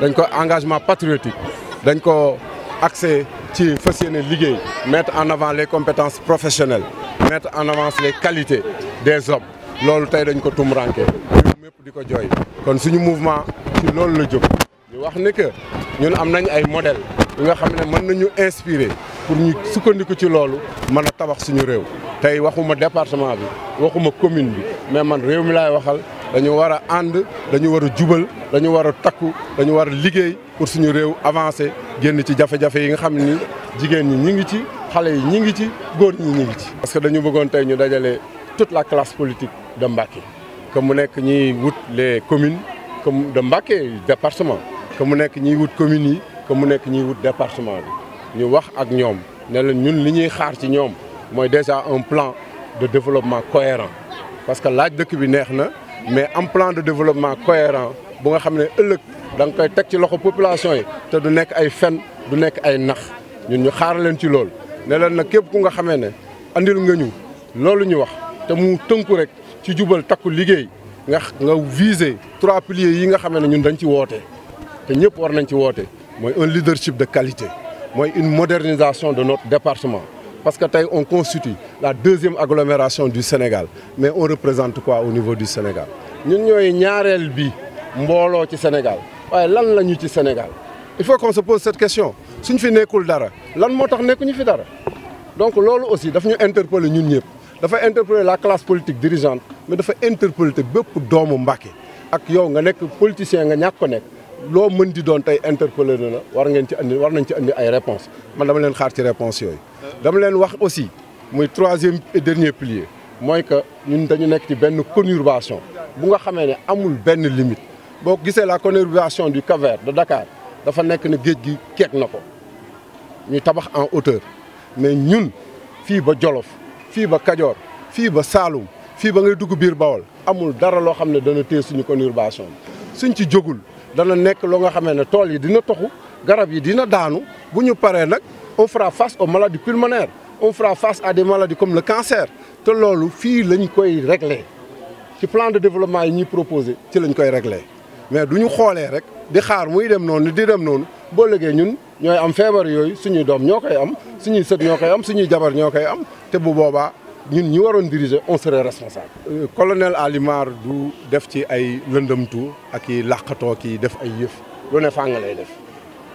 dañ ko engagement patriotique dañ ko axé ci fas yéene liggéey mettre en avant les compétences professionnelles mettre en avant les qualités des hommes loolu tey dañ ko tumranke mépp di ko jooy kon suñu mouvement ci loolu la jóg ñu wax ni que ñun am nañ ay modèle yu nga xam ne mën nañu inspirer pour ñu sukkandiku ci loolu mën tabax suñu réew tey waxuma département bi waxuma commune bi mais man réew mi laay waxal dañu war a ànd dañu war a jubal dañu war a takku dañu war a liggéey pour suñu réew avancer génn ci jafe yi nga xam ni jigéen ñi ñi ngi ci xale yi ñi ngi ci góor ñi ñi ci. parce que dañu bëggoon tey ñu dajale toute la classe politique de Mbacké que mu nekk ñiy wut les communes comme de Mbacké département que mu nekk ñiy wut communes yi que mu nekk ñiy wut département bi ñu wax ak ñoom ne la ñun li ñuy xaar ci ñoom mooy déjà un plan de développement cohérent parce que laaj dëkk bi neex na. mais en plan de développement cohérent bu nga xam ne ëllëg danga koy teg ci loxo population yi te du nekk ay fen du nekk ay nax ñun ñu xaar leen ci loolu ne leen nag képp ku nga xamee ne andilu nga ñu loolu ñu wax te mu tënku rek ci jubal takku liggéey nga nga viser trois piliers yi nga xamee ne ñun dañ ci woote te ñëpp war nañ ci woote mooy un leadership de qualité mooy une modernisation de notre département Parce que taille, on constitue la deuxième agglomération du Sénégal. Mais on représente ko aw niveau du Sénégal ñun ñooy ñaareel bi mbooloo ci Sénégal. waaye lan lañu ci Sénégal Il faut qu'on se pose cette question. Suñ fi nekkul dara, lan moo motax nekuñu fi dara Donc loolu aussi daf ñu interpeller ñun ñëpp. dafa interpeller la classe politique dirigeante mais dafa interpeller bépp doomu Mbacké ak yow nga nekk politicien nga ñàkk ko nekk loo mën di doon tey interpellé na war ngeen ci andi war nañ ci andi ay réponses man dama leen xaar ci réponses yooyu. dama leen wax aussi muy troisième et dernier pilier mooy que ñun dañu nekk ci benn conurbation bu nga xamee ne amul benn limite boo gisee la conurbation di Cap-Vert de Dakar dafa nekk ne géej gi keek na ko ñu tabax en hauteur mais ñun fii ba Jolof fii ba Kajoor fii ba Saalum fii ba ngay dugg biir Bawol amul dara loo xam ne dana téye suñu conurbation suñ ci jógul. dana nekk loo nga xamee ne tool yi dina toxu garab yi dina daanu bu ñu paree nag on fera face aux maladies pulmonaires on fera face à maladi maladies comme le cancer te loolu fii lañ koy régler ci plan de développement yi ñuy proposé ci lañ koy régler mais du ñu xoolee rek di xaar muy dem noonu di dem noonu boo légee ñun ñooy am feebar yooyu suñuy doom ñoo koy am suñuy sët ñoo koy am suñuy jabar ñoo koy am te bu boobaa ñun ñi waroon diriger on serait responsable. Euh, colonel Alimar du def ci ay lëndëmtu ak i làqatoo kii def ay yëf lu ne fàng def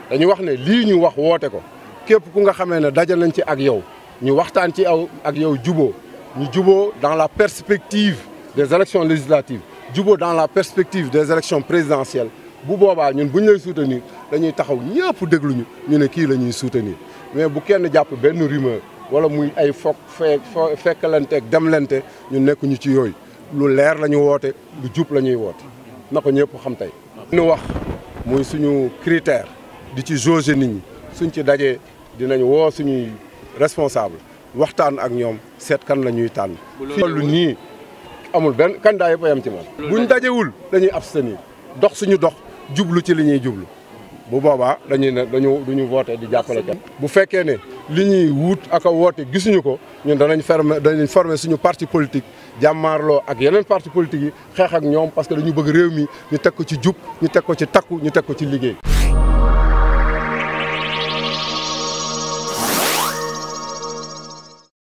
dañu wax ne lii ñu wax woote ko képp ku nga xamee ne daje nañ ci ak yow ñu waxtaan ci aw ak yow jubo ñu juboo dans la perspective des élections législatives jubo dans la perspective des élections présidentielles bu boobaa ñun bu ñu lay dañuy taxaw ñëpp dégluñu ñu ne kii la ñuy soutenir mais bu kenn jàpp benn rumeur. wala muy ay fokk fee fekkalanteeg ñu nekkuñu ci yooyu lu leer la ñu woote lu jub la ñuy woote na ko ñëpp xam tey. ñu wax muy suñu critère di ci jauger nit ñi suñ ci dajee dinañu woo suñuy responsable waxtaan ak ñoom seet kan la ñuy tànn. fi lu nii amul benn kandaay yëpp ci yem bu ñu buñ dajewul dañuy abstenir dox suñu dox jublu ci li ñuy jublu bu boobaa dañuy ne dañu duñu voté di jàppale kenn. bu fekkee ne. li ñuy wut ak a woote gisuñu ko ñun danañ fermer danañ former suñu parti politique jàmmaarloo ak yeneen parti politique yi xeex ak ñoom parce que dañu bëgg réew mi ñu teg ko ci jub ñu teg ko ci takku ñu teg ko ci liggéey.